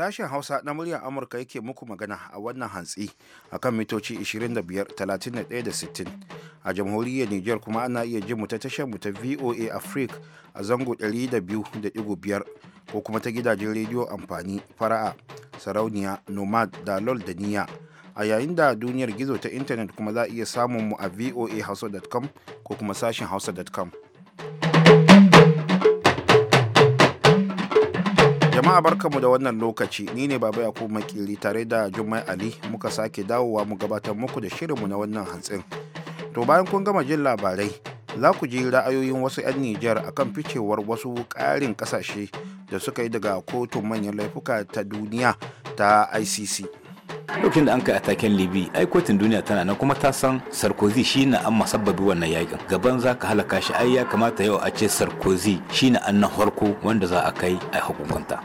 Sashen Hausa na muryar Amurka yake muku magana a wannan hantsi a kan mitoci 25, da 60. A jamhuriyar Nijar kuma ana iya jin mu ta tashar mu ta VOA Africa a zango 200.5 ko kuma ta gidajen rediyo amfani fara'a sarauniya nomad da lol da niya a yayin da duniyar gizo ta intanet kuma za a iya samun mu a voahausa.com ko kuma sashen hausa.com. jama'a barkamu da wannan lokaci ni ne baba yakubu makili tare da jummai ali muka sake dawowa mu gabatar muku da shirinmu na wannan hantsin to bayan kun gama jin labarai za ku ji ra'ayoyin wasu 'yan nijar akan ficewar wasu ƙarin ƙasashe da suka yi daga kotun manyan laifuka ta duniya ta icc lokacin da an kai ataken libi ai kotun duniya tana nan kuma ta san sarkozy shine an masabbabi wannan yakin gaban za ka halaka shi ai ya kamata yau a ce sarkozy shine an na farko wanda za a kai a hukunta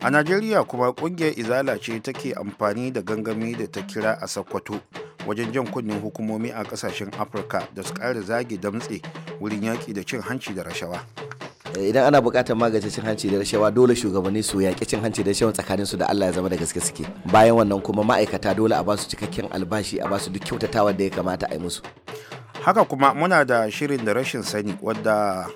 a najeriya kuma kungiyar izala ce take amfani da gangami da ta kira a sakkwato wajen jan kunnen hukumomi a kasashen afirka da su kara zage damtse wurin yaƙi da cin hanci da rashawa idan ana buƙatar magance cin hanci da rashawa dole shugabanni su yaƙi cin hanci da rashawa tsakanin su da Allah ya zama da gaske suke bayan wannan kuma ma'aikata dole a basu cikakken albashi a basu duk kyautatawar da ya kamata a yi musu haka kuma muna da shirin da rashin sani wadda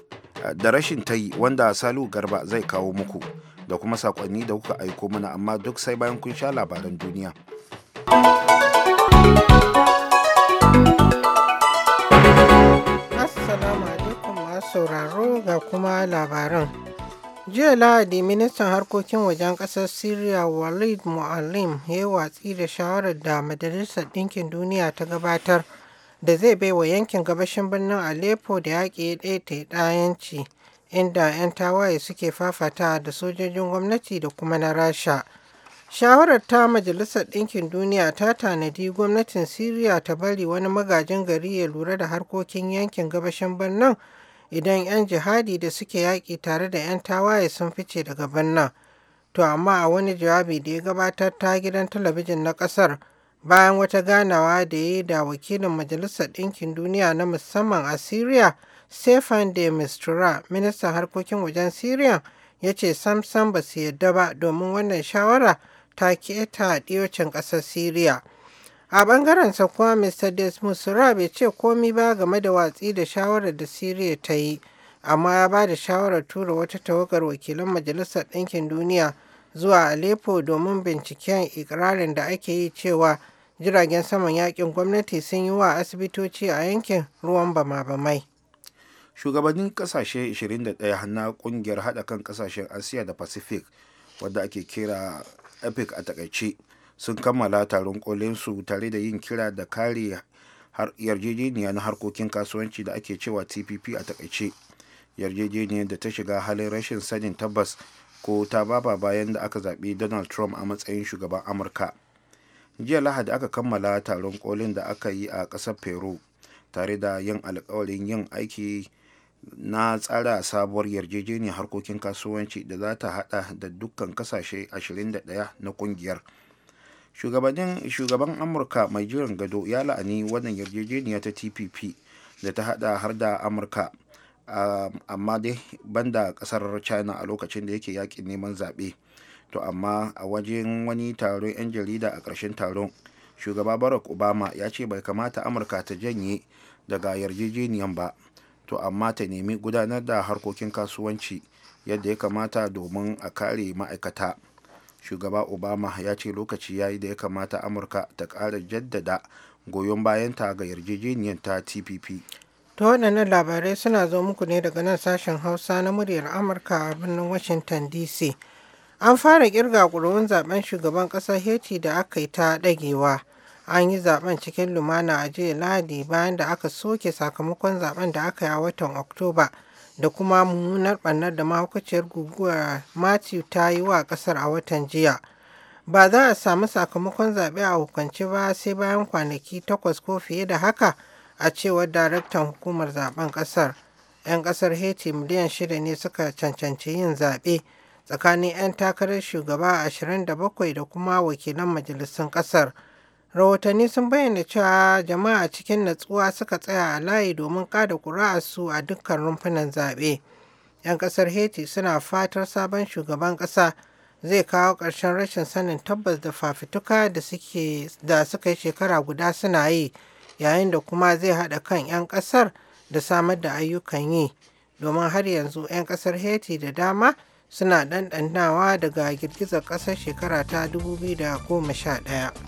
eh, da rashin tayi wanda Salu Garba zai kawo muku da kuma sakonni da kuka aiko mana amma duk sai bayan kun sha labaran duniya Assalamu alaikum sauraro ga kuma labaran. Jiya Lahadi ministan harkokin wajen ƙasar Syria Walid Mu'allim ya yi watsi da shawarar da Majalisar Ɗinkin Duniya ta gabatar da zai baiwa yankin gabashin birnin Aleppo da yaƙi ɗaya ɗayanci inda 'yan tawaye suke fafata da sojojin gwamnati da kuma na Rasha. Shawarar ta Majalisar Ɗinkin Duniya ta tanadi gwamnatin Siriya ta bari wani magajin gari ya lura da harkokin yankin gabashin birnin idan 'yan jihadi da suke yaƙi tare da 'yan tawaye sun fice daga birnin. To amma a wani jawabi da ya gabatar ta gidan talabijin na ƙasar bayan wata ganawa da ya yi da wakilin Majalisar Ɗinkin Duniya na musamman a Siriya, Stefan de Mistura, ministan harkokin wajen Siriya, ya ce samsam ba su yadda ba domin wannan shawara ta keta ɗiyocin ƙasar Siriya. A sa kuma Mr. Desmond Sura bai ce komi ba game da watsi da shawarar da Siriya ta yi, amma ya ba da shawarar tura wata tawagar wakilan Majalisar Ɗinkin Duniya zuwa Aleppo domin binciken ikirarin da ake yi cewa jiragen saman yakin gwamnati sun yi wa asibitoci a yankin ruwan bama-bamai. Shugabannin kasashe 21 na kungiyar haɗa kan kasashen Asiya da Pacific wadda ake kira EPIC a takaice sun kammala taron kolinsu tare da yin kira da kare yarjejeniya na harkokin kasuwanci da ake cewa tpp a takaice yarjejeniyar da ta shiga halin rashin sanin tabbas ko ta baba bayan da aka zaɓi donald trump a matsayin shugaban amurka jiya lahadi aka kammala taron kolin da aka yi a ƙasar peru tare da yin alkawarin yin aiki na tsara sabuwar yarjejeniyar harkokin kasuwanci da za ta hada da dukkan kasashe 21 na kungiyar shugabannin shugaban amurka mai jiran gado ya la'ani wannan yarjejeniya ta tpp da ta hada har da amurka amma dai banda kasar china a lokacin da yake yakin neman zaɓe to amma a wajen wani taron 'yan jarida a ƙarshen taron shugaba barack obama ya ce bai kamata amurka ta janye daga yarjejeniyan ba to amma ta nemi gudanar da harkokin kasuwanci yadda ya kamata domin a kare ma'aikata. shugaba obama ya ce lokaci ya yi da ya kamata amurka ta kara jaddada goyon bayanta ga yarjejeniyar ta tpp ta waɗannan labarai suna zo muku ne daga nan sashen hausa na muryar amurka a birnin washington dc an fara kirga ƙuri'un zaben shugaban ƙasar haiti da aka yi ta ɗagewa an yi zaben cikin lumana a jiya lahadi bayan da aka soke sakamakon zaben da aka yi a watan oktoba da kuma mummunar ɓannar da mahaukaciyar guguwa, Matthew ta yi wa ƙasar a watan jiya. Ba za a samu sakamakon zaɓe a hukunce ba sai bayan kwanaki takwas ko fiye da haka a cewar daraktan hukumar zaben ƙasar. 'Yan ƙasar Haiti miliyan shida ne suka cancanci yin zaɓe tsakanin 'yan takarar shugaba 27 da kuma wakilan majalisun ƙasar. rahotanni sun bayyana cewa jama'a cikin natsuwa suka tsaya a layi domin kada su a dukkan rumfunan zaɓe 'yan ƙasar haiti suna fatar sabon shugaban ƙasa zai kawo ƙarshen rashin sanin tabbas da fafituka da suka yi shekara guda suna yi yayin da kuma zai haɗa kan 'yan ƙasar da samar da ayyukan yi domin har yanzu 'yan ƙasar haiti da dama suna ɗanɗanawa daga girgizar ƙasar shekara ta 2011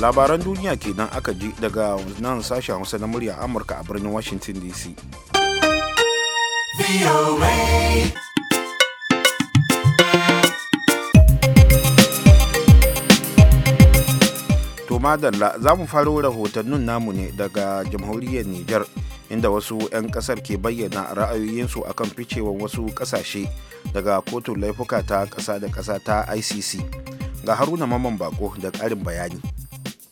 labaran duniya kenan aka ji daga nan sashen hausa na murya amurka a birnin washington dc to madalla za mu faro rahotannin namu ne daga jamhuriyar niger inda wasu 'yan kasar ke bayyana ra'ayoyinsu akan ficewar wasu kasashe daga kotun laifuka ta kasa da kasa ta icc ga haruna maman bako da karin bayani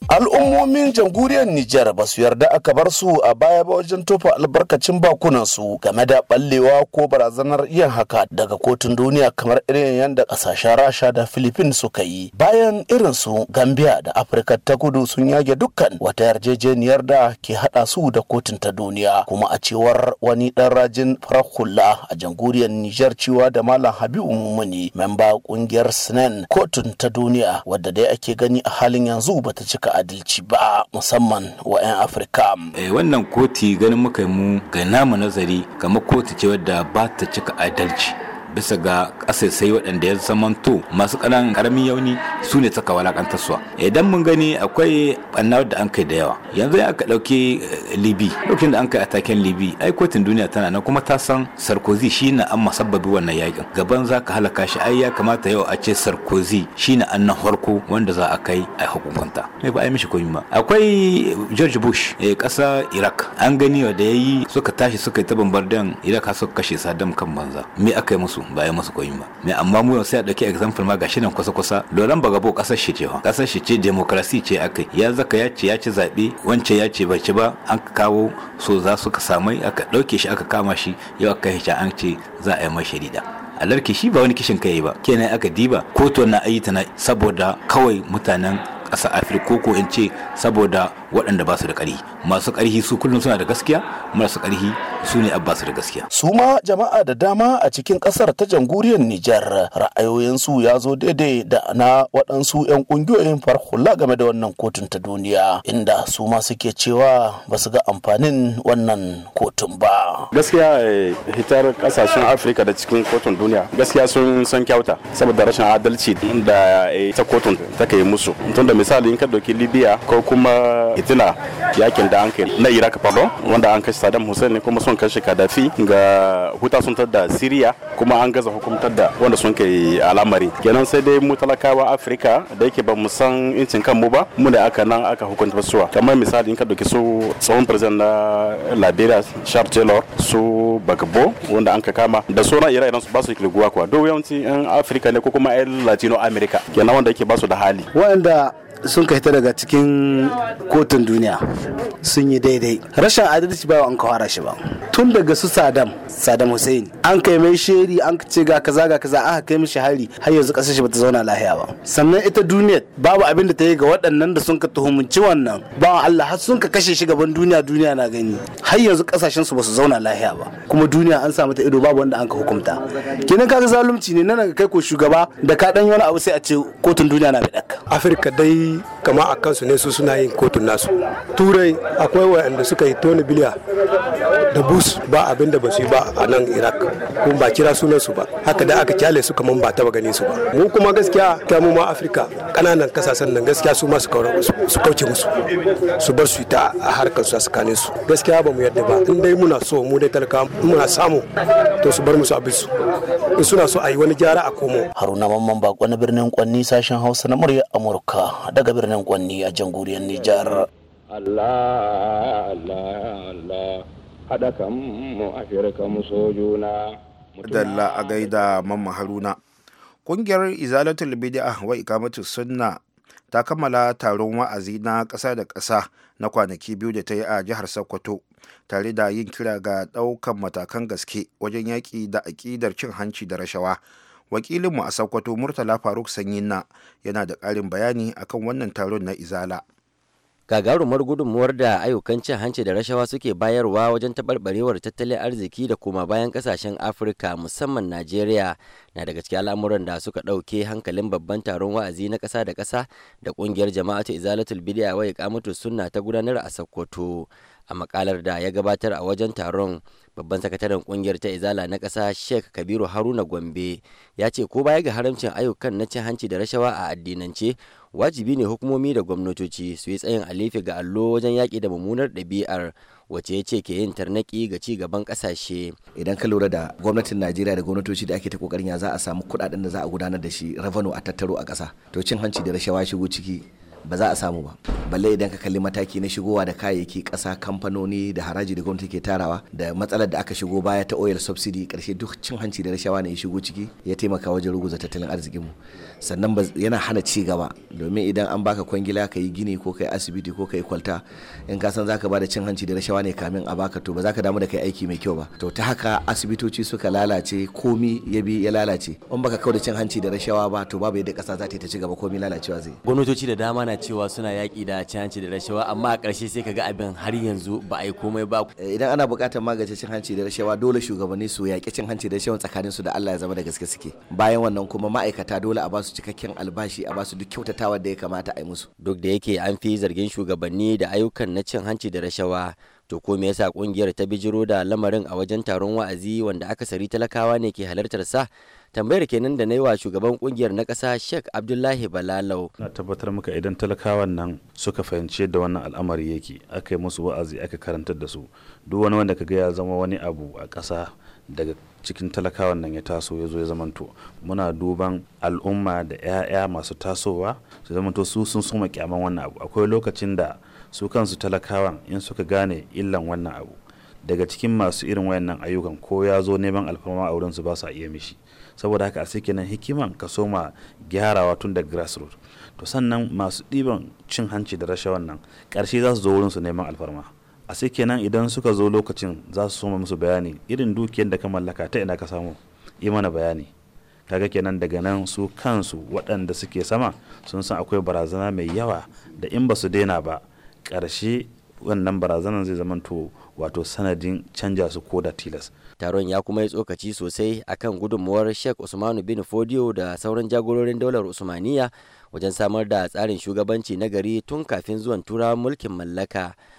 al'ummomin jamhuriyar Nijar ba su yarda aka bar su a baya ba wajen tofa albarkacin bakunan su game da ballewa ko barazanar yin haka daga kotun duniya kamar irin yadda kasashen Rasha da Philippines suka yi bayan irin su Gambia da Afirka ta Kudu sun yage dukkan wata yarjejeniyar da ke hada su da kotun ta duniya kuma a cewar wani dan rajin farar a jamhuriyar Nijar cewa da Malam Habibu Mumuni memba kungiyar Sinan kotun ta duniya wadda dai ake gani a halin yanzu bata cika adalci ba musamman wa 'yan afirka eh, wannan koti ganin muka mu ga namu nazari kamar koti ce wadda ba ta cika adalci bisa ga ƙasaisai waɗanda ya zamanto masu ƙanan ƙaramin yauni su ne ta suka walakantarsuwa idan mun gani akwai ɓanna da an kai da yawa yanzu aka ɗauki eh, libi lokacin da an kai ataken libi ai kotun duniya tana nan kuma ta san sarkozy shi na an masabbabi wannan yakin gaban za ka halaka shi ai ya kamata yau a ce sarkozy shi na an nan harko wanda za a kai a hukunta mai ba a yi mishi komi ba akwai george bush eh, ƙasa iraq an gani da ya yi suka tashi suka yi ta bambardan iraq har suka kashe saddam kan banza me aka yi musu bayan masu koyi ba me amma mu sai a dauki example ma gashi nan kusa kusa loran bo kasar shi ce ha kasar shi ce democracy ce akai ya zaka ya ce ya ci zabe wance ya ce bai ci ba an kawo so za su ka samai aka dauke shi aka kama shi yau aka hice an ce za a yi mai shari'a alarki shi ba wani kishin kai ba kenan aka diba kotu na ayyuka na saboda kawai mutanen ƙasa afirka ko ko in ce saboda waɗanda ba su da ƙarhi masu ƙarhi su kullum suna da gaskiya masu ƙarhi su ne abba su da gaskiya su ma jama'a da dama a cikin ƙasar ta jamhuriyar nijar ra'ayoyinsu ya zo daidai da na waɗansu 'yan ƙungiyoyin hula game da wannan kotun ta duniya inda su ma suke cewa ba su ga amfanin wannan kotun ba gaskiya eh, hitar ƙasashen afirka da cikin kotun duniya gaskiya sun san kyauta saboda rashin adalci da eh, ta kotun ta kai musu misali in ka dauki libya ko kuma itina yakin da an kai na iraq pardon wanda an kashe saddam hussein ne kuma sun kashe kadafi ga huta sun da syria kuma an gaza hukumtar da wanda sun kai al'amari kenan sai dai mu talakawa afirka da yake ba mu san incin kanmu ba mu da aka nan aka hukunta suwa kamar misali in ka dauki su tsohon president na liberia sharp taylor su bagbo wanda an ka kama da sauran ire-iren su ba su kilguwa kuwa duk yawanci yan afirka ne ko kuma yan latino america kenan wanda yake ba su da hali wanda sun kai ta daga cikin kotun duniya sun yi daidai rashin adalci ba an kawara shi ba tun daga su sadam sadam hussein an kai mai sheri an ce ga kaza ga kaza aka kai mishi hari har yanzu kasar shi bata zauna lahiya ba sannan ita duniya babu abin da ta yi ga waɗannan da sun ka tuhumunci wannan ba Allah har sun ka kashe shi gaban duniya duniya na gani har yanzu kasashen su basu zauna lahiya ba kuma duniya an samu ta ido babu wanda an ka hukunta kenan kaga zalunci ne nan kai ko shugaba da ka dan yi wani abu sai a ce kotun duniya na bi dakka afirka dai kama a kansu ne su suna yin kotun nasu turai akwai wayanda suka yi toni biliya da bus ba abin da ba su yi ba a nan iraq kuma ba kira sunan su ba haka da aka kyale su kaman ba taba ganin su ba mu kuma gaskiya ta mu ma afirka kananan kasashen nan gaskiya su ma su kauce musu su bar su ta a harkar su a su gaskiya ba mu yadda ba in dai muna so mu dai talaka muna samu to su bar musu abin su in suna so a yi wani gyara a komo haruna mamman bako na birnin kwanni sashen hausa na murya amurka daga birnin Kwanni a jamhuriyar Nijar. Dalla a gaida Mamma Haruna. ƙungiyar Izalatul Bidi'a wa Ikamatu Sunna ta kammala taron wa'azi na ƙasa da ƙasa na kwanaki biyu da ta yi a jihar Sokoto tare da yin kira ga ɗaukan matakan gaske wajen yaƙi da aƙidar cin hanci da rashawa wakilinmu a sokoto murtala faruk sanyinna yana da ƙarin bayani akan wannan taron na izala gagarumar gudunmuwar da ayyukan cin hanci da rashawa suke bayarwa wajen taɓarɓarewar tattalin arziki da kuma bayan ƙasashen afirka musamman najeriya na daga cikin al'amuran da suka ɗauke hankalin babban taron wa'azi na ƙasa da ƙasa da ƙungiyar jama'atu izalatul bidiya wa kamatu sunna ta gudanar a sokoto a makalar da ya gabatar a wajen taron babban sakataren kungiyar ta izala na ƙasa sheikh kabiru haruna gombe ya ce ko baya ga haramcin ayyukan na cin hanci da rashawa a addinance wajibi ne hukumomi da gwamnatoci su yi tsayin alifi ga allo wajen yaƙi da mummunar ɗabi'ar wace ya ce ke yin tarnaki ga ci gaban ƙasashe. Idan ka lura da gwamnatin Najeriya da gwamnatoci da ake ta kokarin ya za a samu kuɗaɗen da za a gudanar da shi ravano a tattaro a ƙasa. To cin hanci da rashawa shigo ciki ba za a samu ba balle idan ka kalli mataki na shigowa da kayayyaki ƙasa kamfanoni da haraji da gwamnati ke tarawa da matsalar da aka shigo baya ta oil subsidy ƙarshe duk cin hanci da rashawa ne ya shigo ciki ya taimaka wajen ruguza tattalin arzikinmu sannan yana hana ci gaba domin idan an baka kwangila ka yi gini ko ka yi asibiti ko ka yi kwalta in ka san zaka bada cin hanci da rashawa ne kamin a baka to ba za ka damu da kai aiki mai kyau ba to ta haka asibitoci suka lalace komi ya bi ya lalace in baka kau da cin hanci da rashawa ba to babu yadda kasa za ta yi ci gaba komi lalacewa zai gwamnatoci da dama na cewa suna yaki da cin hanci da rashawa amma a ƙarshe sai ka ga abin har yanzu ba a yi komai ba eh, idan ana buƙatar magance cin hanci da rashawa dole shugabanni su yaƙi cin hanci da rashawa tsakaninsu da Allah ya zama da gaske suke bayan wannan kuma ma'aikata dole a basu basu cikakken albashi a basu duk kyautatawa da ya kamata a yi musu duk da yake an fi zargin shugabanni da ayyukan na cin hanci da rashawa to ko me yasa kungiyar ta bijiro da lamarin a wajen taron wa'azi wanda aka sari talakawa ne ke halartar sa tambayar kenan da na yi wa shugaban kungiyar na ƙasa sheikh abdullahi balalau na tabbatar muka idan talakawan nan suka fahimci da wannan al'amari yake aka yi musu wa'azi aka karantar da su duk wani wanda ka ga ya zama wani abu a ƙasa daga cikin talakawan nan ya taso ya zo ya zamanto muna duban al'umma da 'ya'ya masu tasowa su zamanto su sun suma kyaman wannan abu akwai lokacin da su kansu talakawan in suka gane illan wannan abu daga cikin masu irin wayannan ayyukan ko ya zo neman alfarma a wurin su ba su iya mishi saboda haka a sai kenan hikiman ka soma gyarawa tun da grassroot to sannan masu ɗiban cin hanci da rashawan nan ƙarshe za su zo wurin su neman alfarma a sai kenan idan suka zo lokacin za su soma musu bayani irin dukiyar da ka mallaka ta ina ka samu yi mana bayani kaga kenan daga nan su kansu waɗanda suke sama sun san akwai barazana mai yawa da in ba su daina ba ƙarshe wannan barazanan zai zama zamanto wato sanadin canja su ko da tilas taron ya kuma yi tsokaci sosai akan gudunmuwar sheikh usmanu bin fodiyo da sauran jagororin daular usmaniya wajen samar da tsarin shugabanci na gari tun kafin zuwan turawan mulkin mallaka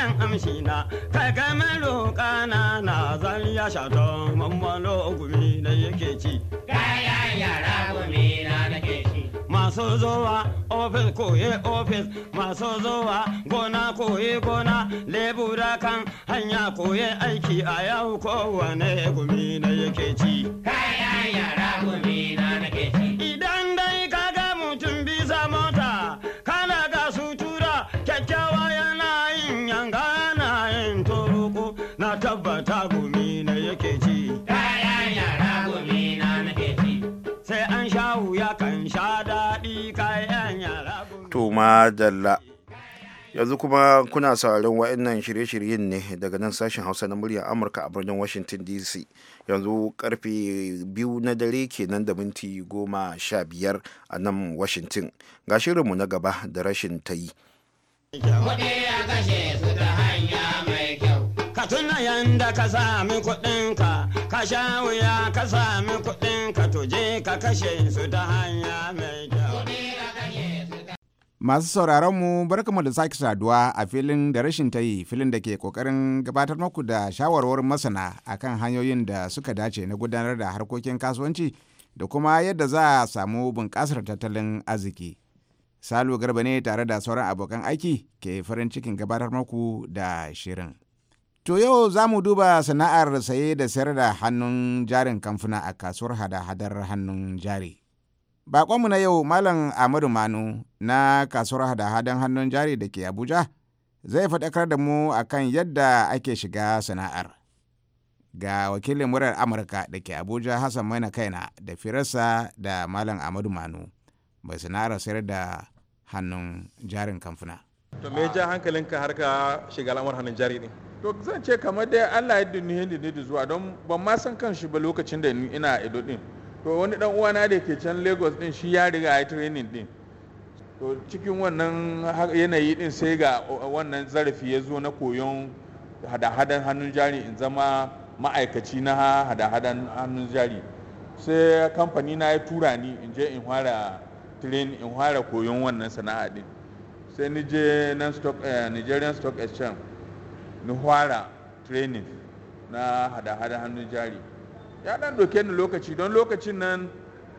yan amshi na kai ga maro kana na zan ya shato mammalo gumi na yake ci kaya yara gumi na nake ci masu zowa ofis koye ofis maso zowa gona koye gona lebura kan hanya koye aiki a yau kowane gumi na yake ci kaya yara gumi na madalla yanzu kuma kuna sauraron wa'annan shirye-shiryen ne daga nan sashen hausa na muryar amurka a birnin washington dc yanzu karfe biyu na dare kenan da minti goma sha biyar a nan washington ga shirinmu na gaba da rashin ta yi ka tuna yanda ka sami kuɗinka ka sha wuya ka sami kuɗinka to je ka kashe su ta hanya mai kyau Masu sauraron mu barkamu da sake saduwa a filin da rashin ta yi filin da ke kokarin gabatar muku da shawarwarin masana akan hanyoyin da suka dace na gudanar da harkokin kasuwanci da kuma yadda za a samu bunƙasar tattalin arziki. Salu Garba ne tare da sauran abokan aiki ke farin cikin gabatar muku da shirin. To yau za mu duba sana'ar saye da sayar da hannun jarin kamfuna a kasuwar hada-hadar hannun jari. Baƙonmu na yau Malam amadu Manu na kasuwar hada-hadan hannun jari da ke Abuja zai faɗakar da mu akan yadda ake shiga sana'ar. Ga wakilin murar Amurka da ke Abuja Hassan Maina Kaina da firarsa da Malam amadu Manu mai sana'ar sayar da hannun jarin kamfuna. To me ja hankalinka har ka shiga al'amuran hannun jari ne? to zan ce kamar dai allah ya dinni da ni da zuwa don ban ma san kan shi ba lokacin da ina ido din to wani dan uwana da ke can lagos din shi ya riga ya training din to cikin wannan yanayi din sai ga wannan zarafi ya zo na koyon hada-hadan hannun jari in zama ma'aikaci na hada-hadan hannun jari sai kamfani na ya tura ni in je in fara train in fara koyon wannan sana'a din sai ni je eh, nigerian stock exchange ni fara training na hada-hadan hannun jari ya dan doke ni lokaci don lokacin nan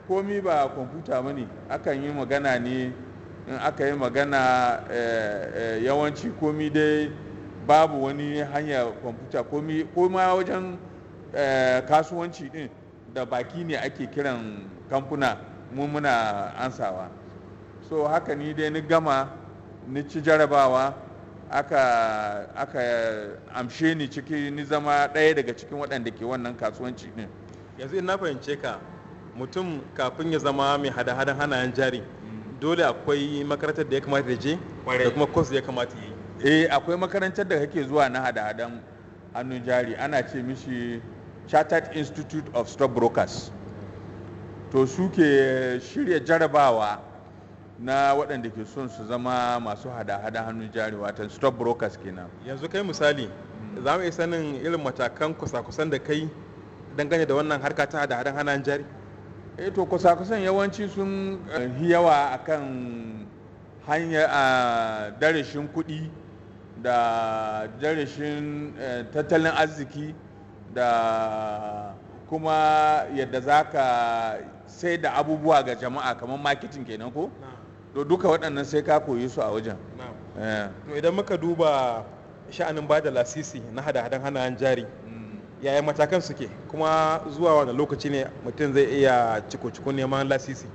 komi ba kwamfuta ba ne akan yi magana ne in aka yi magana eh, eh, yawanci komi dai babu wani hanya kwamfuta komi koma wajen eh, kasuwanci din da baki ne ake kiran kamfuna mu muna ansawa so haka ni dai ni gama ni ci jarabawa aka aka amshe ni ciki ni zama ɗaya daga cikin waɗanda ke wannan kasuwanci ne yanzu in na fahimce ka mutum kafin ya zama mai hada-hadan hanayen jari dole akwai makarantar da ya kamata da je da kuma kwas da ya kamata yi eh akwai makarantar da kake zuwa na hada-hadan hannun jari ana ce mishi chartered institute of stockbrokers to suke shirya jarabawa na waɗanda ke son su zama masu hada-hada hannun jari watan stop brokers kenan yanzu kai misali mm. za mu iya sanin irin matakan kusa-kusan da kai dangane da wannan harka ta hada-hadan hannun jari eh to kusa-kusan yawanci sun eh, yawa akan hanyar a darashin kuɗi da darashin eh, tattalin arziki da kuma yadda za ka sai da abubuwa ga jama'a kamar marketing kenan ko to duka waɗannan sai ka koyi su a wajen eh. to idan muka duba sha'anin ba da lasisi na hada-hadan hannayen jari hmm. yaya matakan suke kuma zuwa wani lokaci ne mutum zai iya ciko-ciko neman lasisi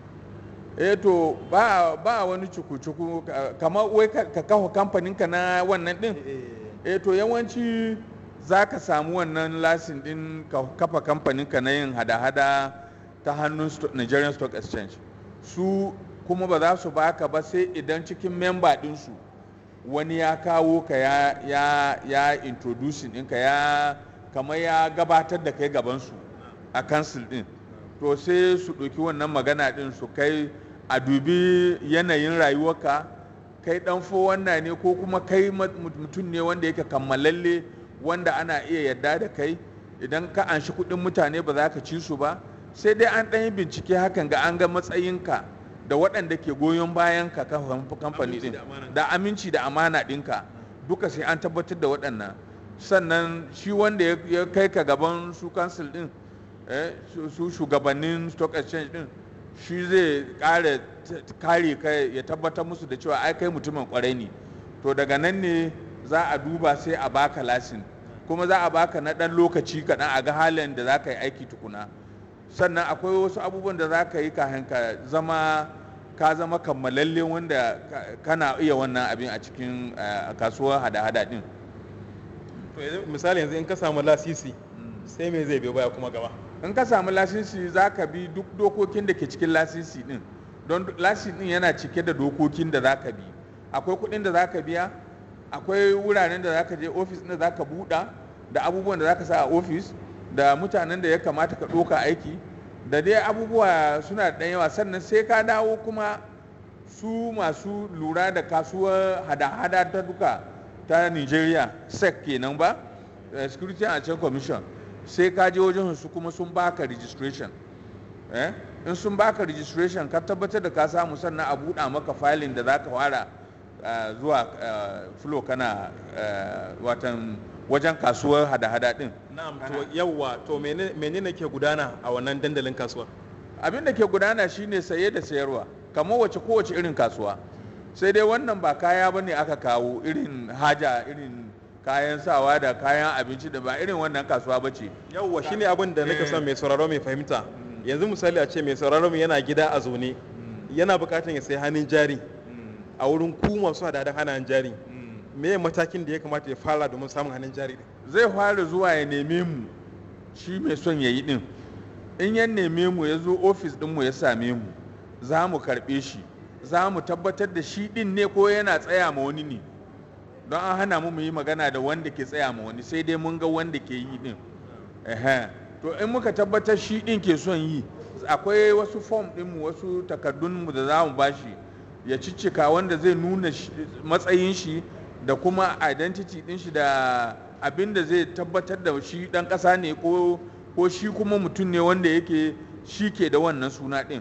eh to ba a wani cuku-cuku kama wai ka kawo kamfaninka na wannan din eh, eh, eh to yawanci za ka samu wannan lasin din ka kafa kamfaninka na yin hada-hada ta hannun Nigerian Stock Exchange su kuma ba za su baka ba sai idan cikin memba ɗinsu wani ya kawo ka ya ya ya introducing ɗinka ya kamar ya gabatar da kai gabansu a kansil ɗin to sai su ɗauki wannan magana ɗin su kai a dubi yanayin rayuwarka kai ɗanfo wannan ne ko kuma kai mutum ne wanda yake kammalalle wanda ana iya yadda da kai idan ka anshi kuɗin mutane ba za ka ci su ba sai dai an ɗan yi bincike hakan ga an ga matsayinka da waɗanda ke goyon bayan ka kamfani din da aminci da amana ɗinka duka sai an tabbatar da waɗannan sannan shi wanda ya kai ka gaban su kansil din eh, su shugabannin stock exchange din shi zai kare kare kai ya tabbatar musu da cewa ai kai mutumin kwarai ne to daga nan ne za a duba sai a baka lasin kuma za a baka na ɗan lokaci kaɗan a ga halin da za ka yi aiki tukuna sannan akwai wasu abubuwan da za ka yi kafin ka zama ka zama kammalalle wanda kana iya wannan abin a cikin eh, kasuwar hada-hada din misali yanzu in ka samu lasisi hmm. sai me zai biyo baya kuma gaba in ka samu lasisi za ka bi duk dokokin da ke cikin lasisi din don lasisi din yana cike da dokokin da za ka bi akwai kuɗin da za ka biya akwai wuraren da za ka je ofis da za ka buɗa da abubuwan da za ka sa a ofis da mutanen da ya kamata ka ɗoka aiki da dai abubuwa suna da yawa sannan sai ka dawo kuma su masu lura da kasuwar hada-hada ta duka ta nigeria sec kenan ba eh, security and exchange commission sai ka je wajen su kuma sun baka registration eh, in sun baka registration ka tabbatar da ka samu sannan a buɗa maka filin da za ka fara eh, zuwa flow kana watan wajen kasuwar hada-hada ɗin to to menene ke gudana a wannan dandalin kasuwa abin da ke gudana shine saye da sayarwa kamar wace kowace irin kasuwa sai dai wannan ba kaya bane aka kawo irin haja irin kayan sawa da kayan abinci da ba irin wannan kasuwa bace yawa shine abin da nake son eh. mai sauraro mai fahimta mm. yanzu misali a ce mai sauraro mu yana gida a zaune mm. yana bukatar ya sai hannun jari mm. a wurin kuma su hada hannun jari me matakin da ya kamata ya fara domin samun hannun jari din zai fara zuwa ya neme mu shi mai son ya yi ɗin in ya neme mu ya zo ofis ɗinmu ya same mu za mu karɓe shi za mu tabbatar da shi ɗin ne ko yana tsaya ma wani ne don an hana mu yi magana da wanda ke tsaya ma wani sai dai mun ga wanda ke yi ɗin to in muka tabbatar shi ɗin ke son yi akwai wasu fom ɗinmu wasu takardunmu da za mu bashi ya ciccika wanda zai nuna matsayin shi da kuma identity ɗin shi da Abin da zai tabbatar da shi dan kasa ne ko shi kuma mutum ne wanda yake shi ke da wannan suna ɗin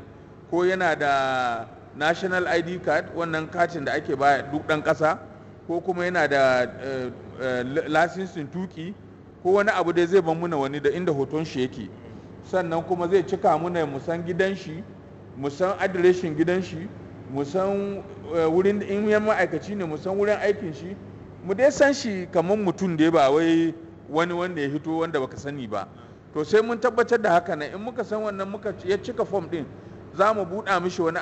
ko yana da national id card wannan katin da ake baya duk dan kasa ko kuma yana da eh, eh, lasinsin tuki ko wani abu da zai ban muna wani da inda hoton shi yake sannan kuma zai cika muna musan gidan shi musan adireshin gidan shi musan eh, wurin in ma'aikaci ne musan wurin aikin shi mu dai san shi kamar mutum da ba wai wani wanda ya hito wanda baka sani ba to sai mun tabbatar da haka nan in muka san wannan muka ya cika form din za mu buɗa mishi wani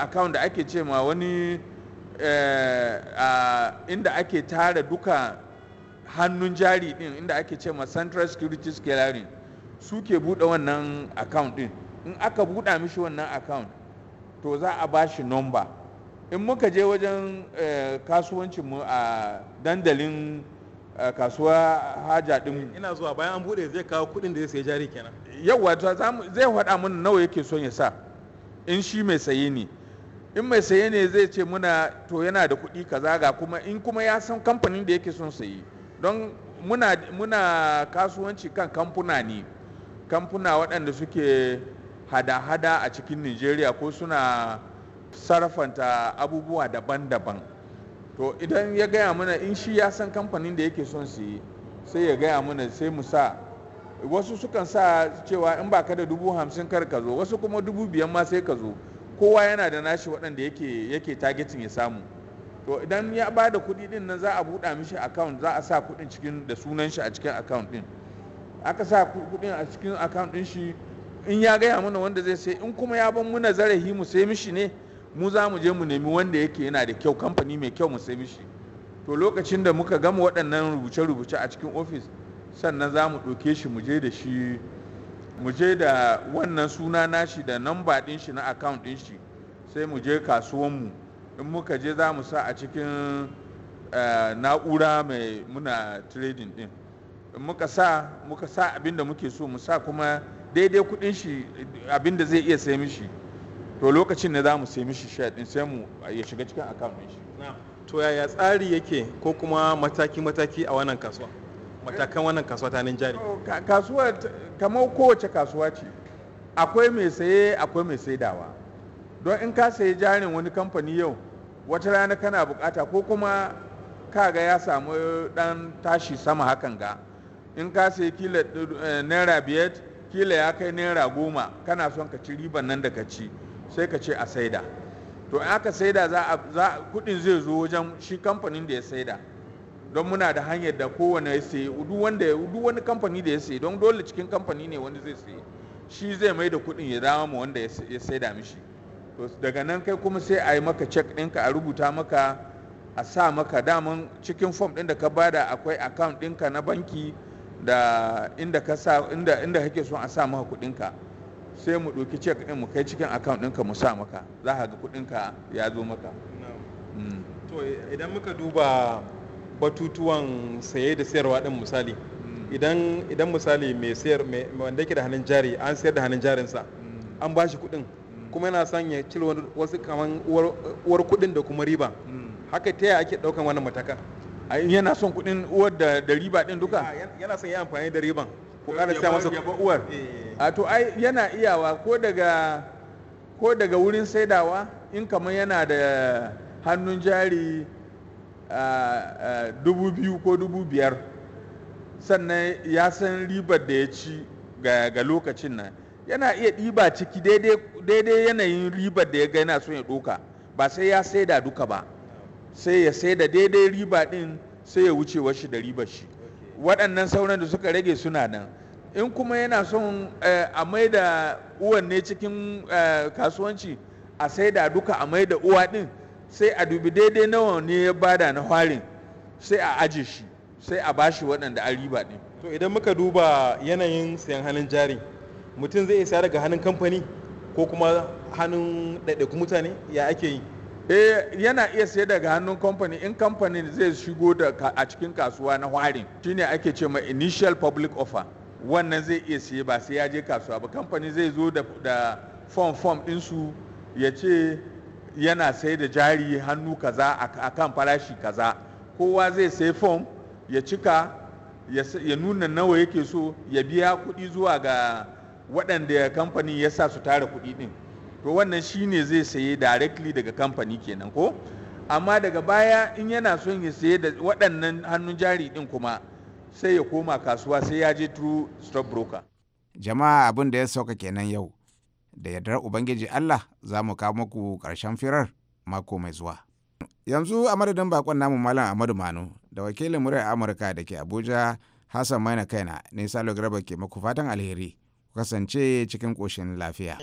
account da ake ce ma wani eh, inda ake tara duka hannun jari din inda ake ce ma central security scalarin su ke buɗe wannan account din in aka buɗa mishi wannan account to za a ba shi number in muka je wajen eh, kasuwancin mu a dandalin eh, kasuwa haja din ina zuwa bayan an bude zai kawo kudin da zai sayi jari kenan yawa zai faɗa mana nawa yake son ya sa in shi mai saye ne in mai saye ne zai ce muna to yana da kuɗi kaza ga kuma in kuma ya san kamfanin da yake son sayi don muna, muna kasuwanci kan kamfuna ne kamfuna waɗanda suke hada-hada a cikin nigeria ko suna sarrafanta abubuwa daban-daban to idan ya gaya mana in shi ya san kamfanin da yake son su yi sai ya gaya mana sai mu sa wasu sukan sa cewa in ba ka da dubu hamsin kar ka zo wasu kuma dubu biyan ma sai ka zo kowa yana da nashi waɗanda yake yake targetin ya samu to idan ya ba da kuɗi ɗin nan za a buɗa mishi account za a sa kuɗin cikin da sunan shi a cikin account ɗin aka sa kuɗin a cikin account ɗin shi in ya gaya mana wanda zai sai in kuma ya ban muna zarafi mu sai mishi ne mu za mu je mu nemi wanda yake yana da kyau kamfani mai kyau mu sai mishi to lokacin da muka gama waɗannan rubuce-rubuce a cikin ofis sannan za mu ɗauke shi mu je da shi mu je da wannan suna nashi da namba ɗin shi na account ɗin shi sai mu je kasuwanmu in muka je za mu sa a cikin eh, na'ura mai muna trading ɗin in muka sa muka sa abin da muke so mu sa kuma daidai kuɗin shi abin da zai iya sai mishi to lokacin ne za mu sai mishi shaɗin sai mu ya shiga cikin account din shi to yaya tsari yake ko kuma mataki mataki a wannan kasuwa matakan wannan kasuwa ta nan jari oh, kasuwa kamar kowace kasuwa ce akwai mai saye akwai mai saidawa don in ka sayi jarin wani kamfani yau wata rana kana bukata ko kuma ka ga ya samu dan tashi sama hakan ga in ka sayi kila eh, naira biyar kila ya kai naira goma kana son ka ci riban nan da ka ci sai ka ce a saida to in aka saida za kudin zai zo wajen shi kamfanin da ya saida don muna da hanyar da kowane ya sai duk wanda wani kamfani da ya sai don dole cikin kamfani ne wanda zai sai shi zai mai da kudin ya dawo ma wanda ya saida mishi to daga nan kai kuma sai a yi maka cek dinka a rubuta maka a sa maka daman cikin fom ɗin da ka bada akwai account ɗinka na banki da inda ka sa kake son a sa maka kuɗinka sai mu ɗauki cek ɗin mu kai cikin account ɗinka mu sa maka za ka ga kuɗinka ya zo maka mm. to idan muka duba batutuwan saye da sayarwa ɗin misali mm. idan idan misali mai sayar wanda yake da hannun jari an sayar da hannun jarinsa mm. an ba shi kuɗin kuma yana son ya cire wasu kaman uwar kuɗin da kuma riba haka ta yaya ake ɗaukan wannan matakan yana son kuɗin uwar da riba ɗin duka yana son ya amfani da riban ko masa uwar eh. a to ai yana iyawa ko daga ko daga wurin saidawa in kamar yana da hannun jari dubu biyu ko dubu biyar sannan ya san ribar da ya ci ga lokacin nan yana iya ɗiba ciki daidai yanayin ribar da ya ga yana son ya ɗoka ba sai ya saida duka ba sai ya saida daidai riba ɗin sai ya wuce shi da ribar shi waɗannan sauran da suka rage suna nan in kuma yana son eh, a mai da uwan ne cikin eh, kasuwanci a sai da duka a mai da uwa ɗin sai a dubi daidai nawa ne ya bada na harin sai a aje shi sai a bashi waɗanda an riba ɗin to idan muka duba yanayin sayan hannun jari mutum zai isa daga hannun kamfani ko kuma hannun ɗaiɗaikun mutane ya ake yi eh yana iya sayar daga hannun kamfani in kamfani zai shigo da a cikin kasuwa na hwarin shine ake ce ma initial public offer wannan zai iya siye ba sai ya je kasuwa ba kamfani zai zo da form form ɗinsu ya ce yana sai da jari hannu kaza a kan farashi kaza kowa zai sai form ya cika ya nuna nawa yake so ya biya kuɗi zuwa ga waɗanda kamfanin ya sa su tara kuɗi ɗin to wannan shi ne zai saye directly daga kamfani kenan ko amma daga baya in yana son ya saye da waɗannan hannun jari din kuma sai ya koma kasuwa sai ya je through stock broker jama'a abin da ya sauka kenan yau da yardar ubangiji allah za mu kawo muku ƙarshen firar mako mai zuwa yanzu a madadin bakon namu malam ahmadu manu da wakilin muryar amurka da ke abuja hassan maina kaina ne salo garba ke maku fatan alheri ku kasance cikin ƙoshin lafiya.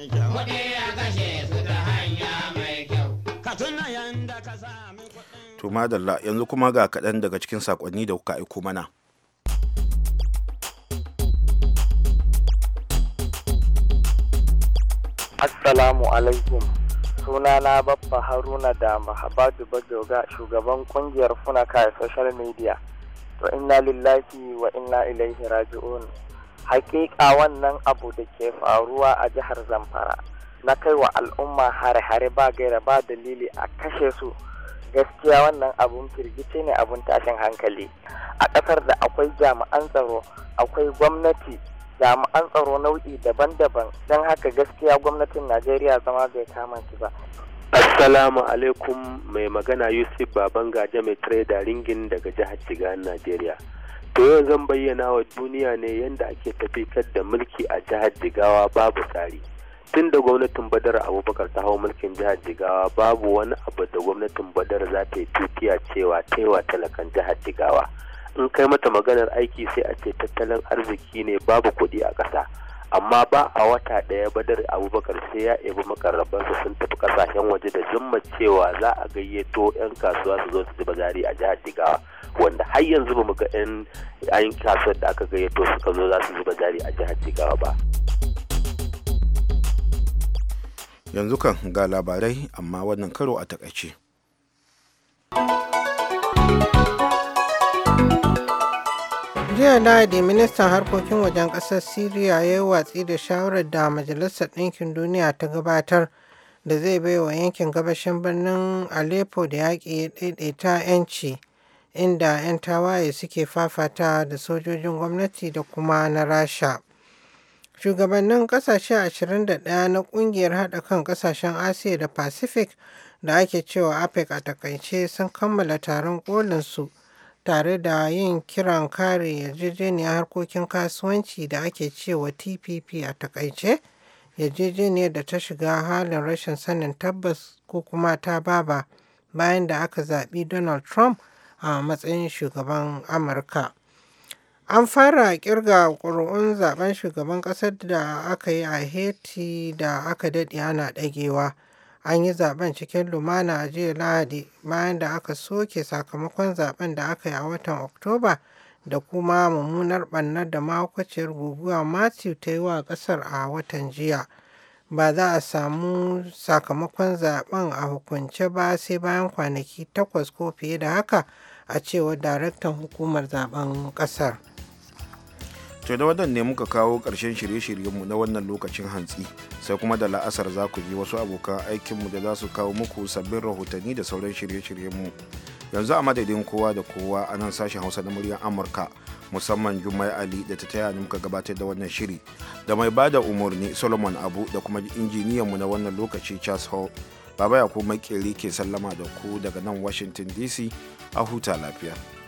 To la yanzu kuma ga kaɗan daga cikin saƙonni da kuka aiko mana. Assalamu alaikum. Sunana babba Haruna da Mahabadu Bajoga shugaban kungiyar Funaka social media. To inna lillahi wa inna ilaihi raji'un. hakika wannan abu da ke faruwa a jihar zamfara na kai wa al'umma hare-hare ba gaira ba dalili a kashe su gaskiya wannan abun firgice ne abun tashin hankali a ƙasar da akwai jami'an tsaro akwai gwamnati jami'an tsaro nau'i daban-daban don haka gaskiya gwamnatin najeriya zama bai kama ki ba Assalamu alaikum mai magana Yusuf Baban Gaje mai da Ringin daga jihar jigan Najeriya. to yau zan bayyana wa duniya ne yadda ake tafitar da mulki a jihar jigawa babu tsari tun da gwamnatin badar abubakar ta hau mulkin jihar jigawa babu wani abu da gwamnatin badar za ta yi tukiya cewa taiwa talakan jihar jigawa in kai mata maganar aiki sai a ce tattalin arziki ne babu kuɗi a ƙasa amma ba a wata daya badar abubakar sai ya ebi makarrabansa sun tafi kasashen waje da jimma cewa za a gayyato 'yan kasuwa su zo su zuba jari a jihar jigawa wanda har yanzu ba mu ga 'yan kasuwar da aka gayyato suka zo za su zuba jari a jihar jigawa ba yanzu kan ga labarai amma wannan karo a takaice. jiya lahadi ministan harkokin wajen ƙasar syria ya yi watsi da shawarar da majalisar ɗinkin duniya ta gabatar da zai baiwa yankin gabashin birnin aleppo da yaƙi ya ɗaiɗaita 'yanci inda 'yan tawaye suke fafata da sojojin gwamnati da kuma na rasha shugabannin ƙasashe 21 na ƙungiyar haɗa kan ƙasashen asiya da pacific da ake cewa apec a takaice sun kammala taron kolinsu su tare da yin kiran kare yarjejeniyar harkokin kasuwanci da ake cewa TPP a takaice, yarjejeniyar da ta shiga halin rashin sanin tabbas ko kuma ta baba bayan da aka zaɓi Donald Trump a matsayin shugaban Amurka. An fara kirga ƙuri'un zaben shugaban ƙasar da aka yi a Haiti da aka daɗe ana ɗagewa. An yi zaben cikin lumana a jiya Lahadi bayan da aka soke sakamakon zaben da aka yi a watan Oktoba da kuma mummunar ɓarnar da mahaukaciyar guguwa Matthew ta yi wa ƙasar a watan jiya. Ba za a samu sakamakon zaben a hukunce ba sai bayan kwanaki takwas ko fiye da haka a cewar daraktan hukumar zaben ƙasar. To da wannan muka kawo ƙarshen shirye-shiryenmu na wannan lokacin hantsi. sai kuma da la'asar za ku ji wasu abokan aikinmu da za su kawo muku sabbin rahotanni da sauran shirye-shiryenmu yanzu a madadin kowa da kowa a nan sashen hausa na muryar amurka musamman jumai ali da ta taya ni muka gabatar da wannan shiri da mai ba da umarni solomon abu da kuma injiniyanmu na wannan lokaci charles hall baba ya kuma ke sallama da ku daga nan washington dc a huta lafiya